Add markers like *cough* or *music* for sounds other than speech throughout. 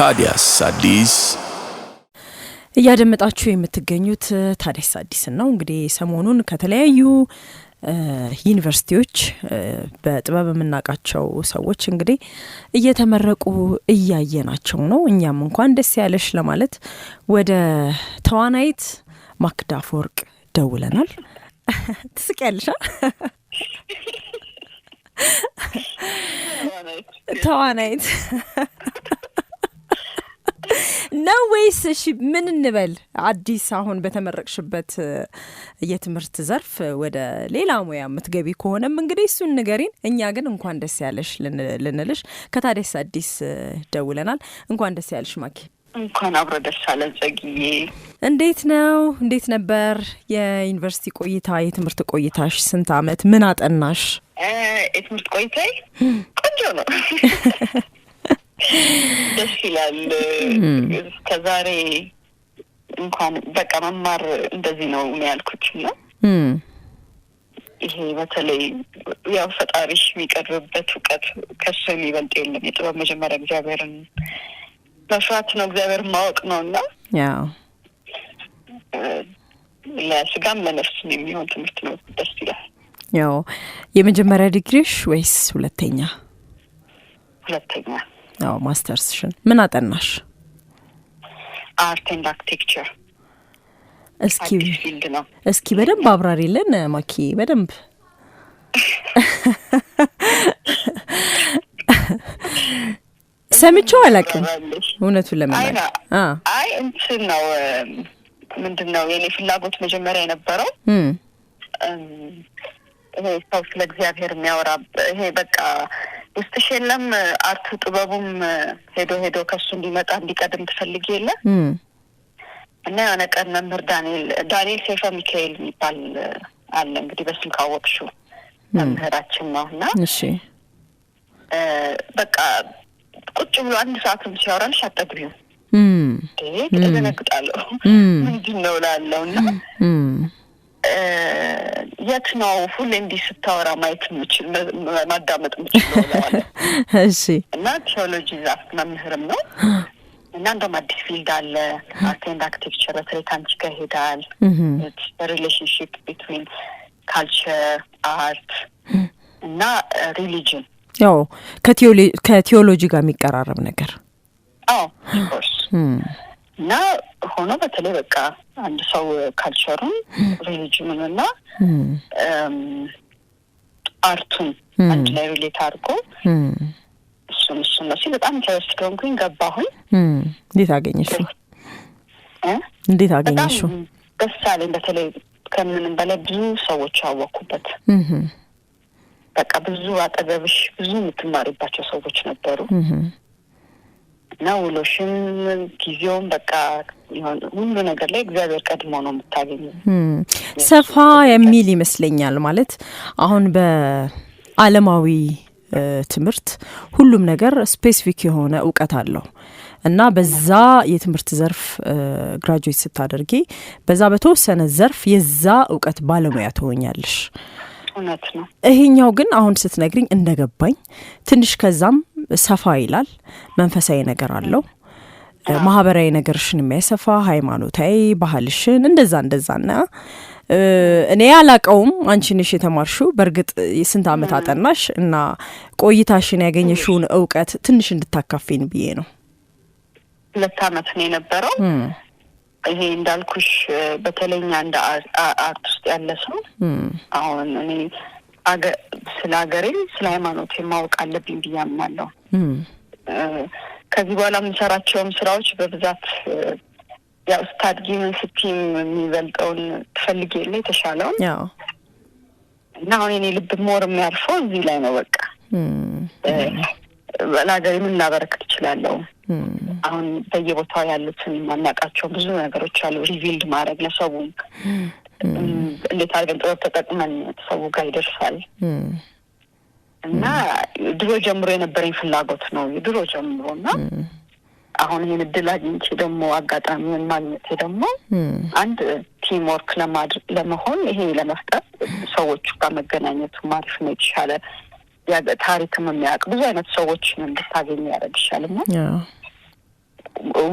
ታዲያስ አዲስ እያደመጣችሁ የምትገኙት ታዲያስ አዲስን ነው። እንግዲህ ሰሞኑን ከተለያዩ ዩኒቨርሲቲዎች በጥበብ የምናውቃቸው ሰዎች እንግዲህ እየተመረቁ እያየናቸው ነው። እኛም እንኳን ደስ ያለሽ ለማለት ወደ ተዋናይት ማክዳ አፈወርቅ ደውለናል። *laughs* ትስቂያለሽ። ተዋናይት ነው ወይስ? እሺ ምን እንበል አዲስ አሁን በተመረቅሽበት የትምህርት ዘርፍ ወደ ሌላ ሙያ የምትገቢ ከሆነም እንግዲህ እሱን ንገሪን። እኛ ግን እንኳን ደስ ያለሽ ልንልሽ ከታዲያስ አዲስ ደውለናል። እንኳን ደስ ያለሽ ማኪ። እንኳን አብረ ደስ አለን ጸግዬ። እንዴት ነው? እንዴት ነበር የዩኒቨርሲቲ ቆይታ፣ የትምህርት ቆይታሽ? ስንት አመት ምን አጠናሽ? የትምህርት ቆይታ ቆንጆ ነው። ይላል። ከዛሬ እንኳን በቃ መማር እንደዚህ ነው ያልኩት እና ይሄ በተለይ ያው ፈጣሪሽ የሚቀርብበት እውቀት ከሱ የሚበልጥ የለም። የጥበብ መጀመሪያ እግዚአብሔርን መፍራት ነው፣ እግዚአብሔር ማወቅ ነው እና ለስጋም ለነፍስም የሚሆን ትምህርት ነው። ደስ ይላል። ያው የመጀመሪያ ዲግሪሽ ወይስ ሁለተኛ? ሁለተኛ ያው ማስተርስሽን ምን አጠናሽ? አርት ኤንድ አርክቴክቸር። እስኪ እስኪ በደንብ አብራሪልን ማኪ፣ በደንብ ሰምቼው አላውቅም እውነቱን ለመናገር። አይ እንትን ነው ምንድን ነው የኔ ፍላጎት መጀመሪያ የነበረው ይሄ ሰው ስለ እግዚአብሔር የሚያወራ ይሄ በቃ ውስጥሽ የለም አርቱ ጥበቡም ሄዶ ሄዶ ከሱ እንዲመጣ እንዲቀድም ትፈልግ የለ እና የሆነ ቀን መምህር ዳንኤል ዳንኤል ሴፈ ሚካኤል የሚባል አለ እንግዲህ በስም ካወቅሹ መምህራችን ነው እና በቃ ቁጭ ብሎ አንድ ሰዓትም ሲያወራልሽ አጠግቢው እደነግጣለሁ ምንድን ነው ላለው እና የት ነው ሁሌ እንዲህ ስታወራ ማየት የምችል ማዳመጥ የምችለው ለዋለ *laughs* እና ቴዎሎጂ ዛፍ መምህርም ነው *gasps* እና እንደውም አዲስ ፊልድ አለ አርት ኤንድ አርኪቴክቸር በተለይ ከአንቺ ጋር ይሄዳል ሪሌሽንሽፕ ቢትዊን ካልቸር አርት እና ሪሊጅን ያው ከቴዎሎጂ ጋር የሚቀራረብ ነገር አዎ እና ሆኖ በተለይ በቃ አንድ ሰው ካልቸሩን ሪሊጅኑን እና አርቱን አንድ ላይ ሪሌት አድርጎ እሱን እሱን ነው ሲል በጣም ኢንተረስት ከሆንኩኝ ገባሁኝ። እንዴት አገኘሽው? እንዴት አገኘሽው? ደስ አለኝ። በተለይ ከምንም በላይ ብዙ ሰዎች አወኩበት። በቃ ብዙ አጠገብሽ ብዙ የምትማሪባቸው ሰዎች ነበሩ። እና ውሎሽም ጊዜውም በቃ ሁሉ ነገር ላይ እግዚአብሔር ቀድሞ ነው የምታገኘ። ሰፋ የሚል ይመስለኛል ማለት አሁን በአለማዊ ትምህርት ሁሉም ነገር ስፔሲፊክ የሆነ እውቀት አለው እና በዛ የትምህርት ዘርፍ ግራጁዌት ስታደርጊ በዛ በተወሰነ ዘርፍ የዛ እውቀት ባለሙያ ትሆኛለሽ። እውነት ነው። ይሄኛው ግን አሁን ስትነግሪኝ እንደገባኝ ትንሽ ከዛም ሰፋ ይላል። መንፈሳዊ ነገር አለው። ማህበራዊ ነገርሽን የሚያሰፋ ሃይማኖታዊ፣ ባህልሽን እንደዛ እንደዛና እኔ ያላቀውም አንቺንሽ የተማርሽው። በእርግጥ ስንት አመት አጠናሽ እና ቆይታሽን ያገኘሽውን እውቀት ትንሽ እንድታካፊን ብዬ ነው። ሁለት አመት ነው የነበረው። ይሄ እንዳልኩሽ በተለይኛ እንደ አርት ውስጥ ያለ ሰው አሁን እኔ ስለ ሀገሬ፣ ስለ ሃይማኖቴ ማወቅ አለብኝ ብዬ አምናለሁ። ከዚህ በኋላ የምንሰራቸውም ስራዎች በብዛት ያው ስታድጊ ምን የሚበልጠውን ትፈልግ የለ የተሻለውን እና አሁን የኔ ልብ ሞር የሚያርፈው እዚህ ላይ ነው። በቃ ለሀገሬ ምን ላበረክት እችላለሁ? አሁን በየቦታው ያሉትን የማናውቃቸው ብዙ ነገሮች አሉ ሪቪልድ ማድረግ ለሰቡ እንዴት አድርገን ጥበብ ተጠቅመን ሰው ጋር ይደርሳል እና ድሮ ጀምሮ የነበረኝ ፍላጎት ነው ድሮ ጀምሮ እና አሁን ይህን እድል አግኝቼ ደግሞ አጋጣሚውን ማግኘቴ ደግሞ አንድ ቲምወርክ ወርክ ለመሆን ይሄ ለመፍጠር ሰዎቹ ጋር መገናኘቱ ማሪፍ ነው የተሻለ ታሪክም የሚያውቅ ብዙ አይነት ሰዎችን እንድታገኝ ያደረግሻል እና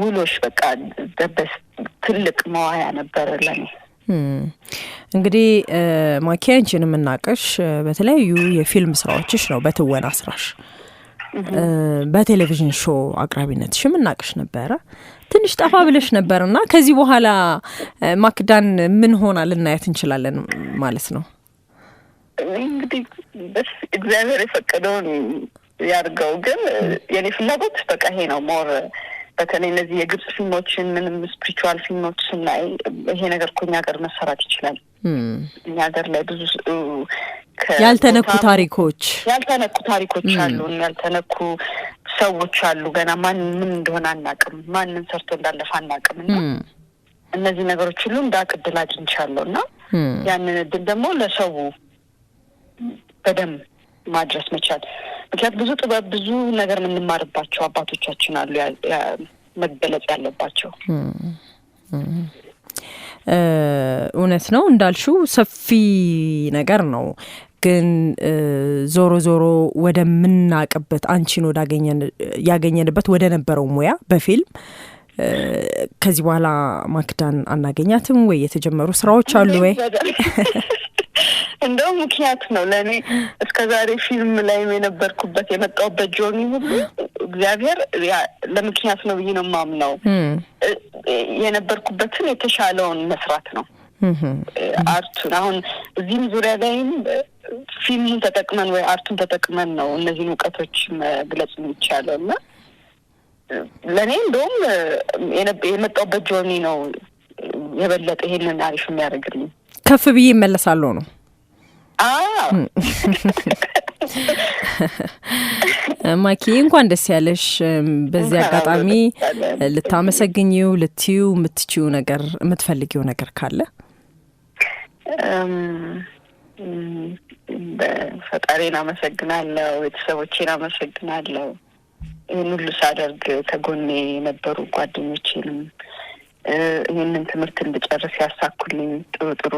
ውሎሽ በቃ ደበስ ትልቅ መዋያ ነበር ለኔ። እንግዲህ ማኪያ አንቺን የምናውቅሽ በተለያዩ የፊልም ስራዎችሽ ነው፣ በትወና ስራሽ፣ በቴሌቪዥን ሾ አቅራቢነትሽ የምናውቅሽ ነበረ። ትንሽ ጠፋ ብለሽ ነበር እና ከዚህ በኋላ ማክዳን ምን ሆና ልናያት እንችላለን ማለት ነው? እንግዲህ እግዚአብሔር የፈቀደውን ያድርገው። ግን የኔ ፍላጎት በቃ ይሄ ነው ሞር በተለይ እነዚህ የግብጽ ፊልሞችን ምንም ስፕሪቹዋል ፊልሞች ስናይ ይሄ ነገር እኮ እኛ ሀገር መሰራት ይችላል። እኛ ሀገር ላይ ብዙ ያልተነኩ ታሪኮች ያልተነኩ ታሪኮች አሉ። ያልተነኩ ሰዎች አሉ። ገና ማን ምን እንደሆነ አናቅም። ማንን ሰርቶ እንዳለፈ አናቅም። እና እነዚህ ነገሮች ሁሉ እንዳቅ እድል አግኝቻለሁ እና ያንን እድል ደግሞ ለሰው በደንብ ማድረስ መቻል ምክንያት ብዙ ጥበብ ብዙ ነገር የምንማርባቸው አባቶቻችን አሉ መገለጽ ያለባቸው እውነት ነው እንዳልሽው ሰፊ ነገር ነው ግን ዞሮ ዞሮ ወደምናቅበት አንቺን ያገኘንበት ወደ ነበረው ሙያ በፊልም ከዚህ በኋላ ማክዳን አናገኛትም ወይ የተጀመሩ ስራዎች አሉ ወይ እንደውም ምክንያት ነው ለእኔ እስከ ዛሬ ፊልም ላይም የነበርኩበት የመጣሁበት ጆኒ ሁሉ እግዚአብሔር ለምክንያት ነው ብዬ ነው ማምነው። የነበርኩበትን የተሻለውን መስራት ነው አርቱን አሁን እዚህም ዙሪያ ላይም ፊልሙን ተጠቅመን ወይ አርቱን ተጠቅመን ነው እነዚህን እውቀቶች መግለጽ የሚቻለው እና ለእኔ እንደውም የመጣሁበት ጆርኒ ነው የበለጠ ይሄንን አሪፍ የሚያደርግልኝ ከፍ ብዬ ይመለሳለሁ ነው Ah! *laughs* ማኪ እንኳን ደስ ያለሽ። በዚህ አጋጣሚ ልታመሰግኝው ልትዩ የምትችው ነገር የምትፈልጊው ነገር ካለ ፈጣሪን አመሰግናለሁ። ቤተሰቦቼን አመሰግናለሁ። ይህን ሁሉ ሳደርግ ከጎኔ የነበሩ ጓደኞቼንም ይህንን ትምህርት እንድጨርስ ያሳኩልኝ ጥሩ ጥሩ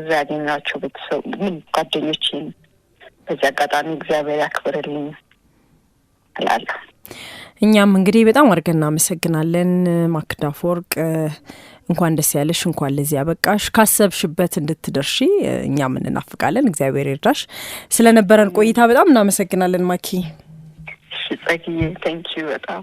እዛ ያገኟቸው ቤተሰብ ምን ጓደኞች በዚህ አጋጣሚ እግዚአብሔር ያክብርልኝ እላለሁ። እኛም እንግዲህ በጣም አድርገን እናመሰግናለን ማክዳ እንኳን ደስ ያለሽ፣ እንኳን ለዚህ ያበቃሽ። ካሰብሽበት እንድትደርሺ እኛም እንናፍቃለን። እግዚአብሔር ይርዳሽ። ስለነበረን ቆይታ በጣም እናመሰግናለን ማኪ። እሺ ታንኪዩ በጣም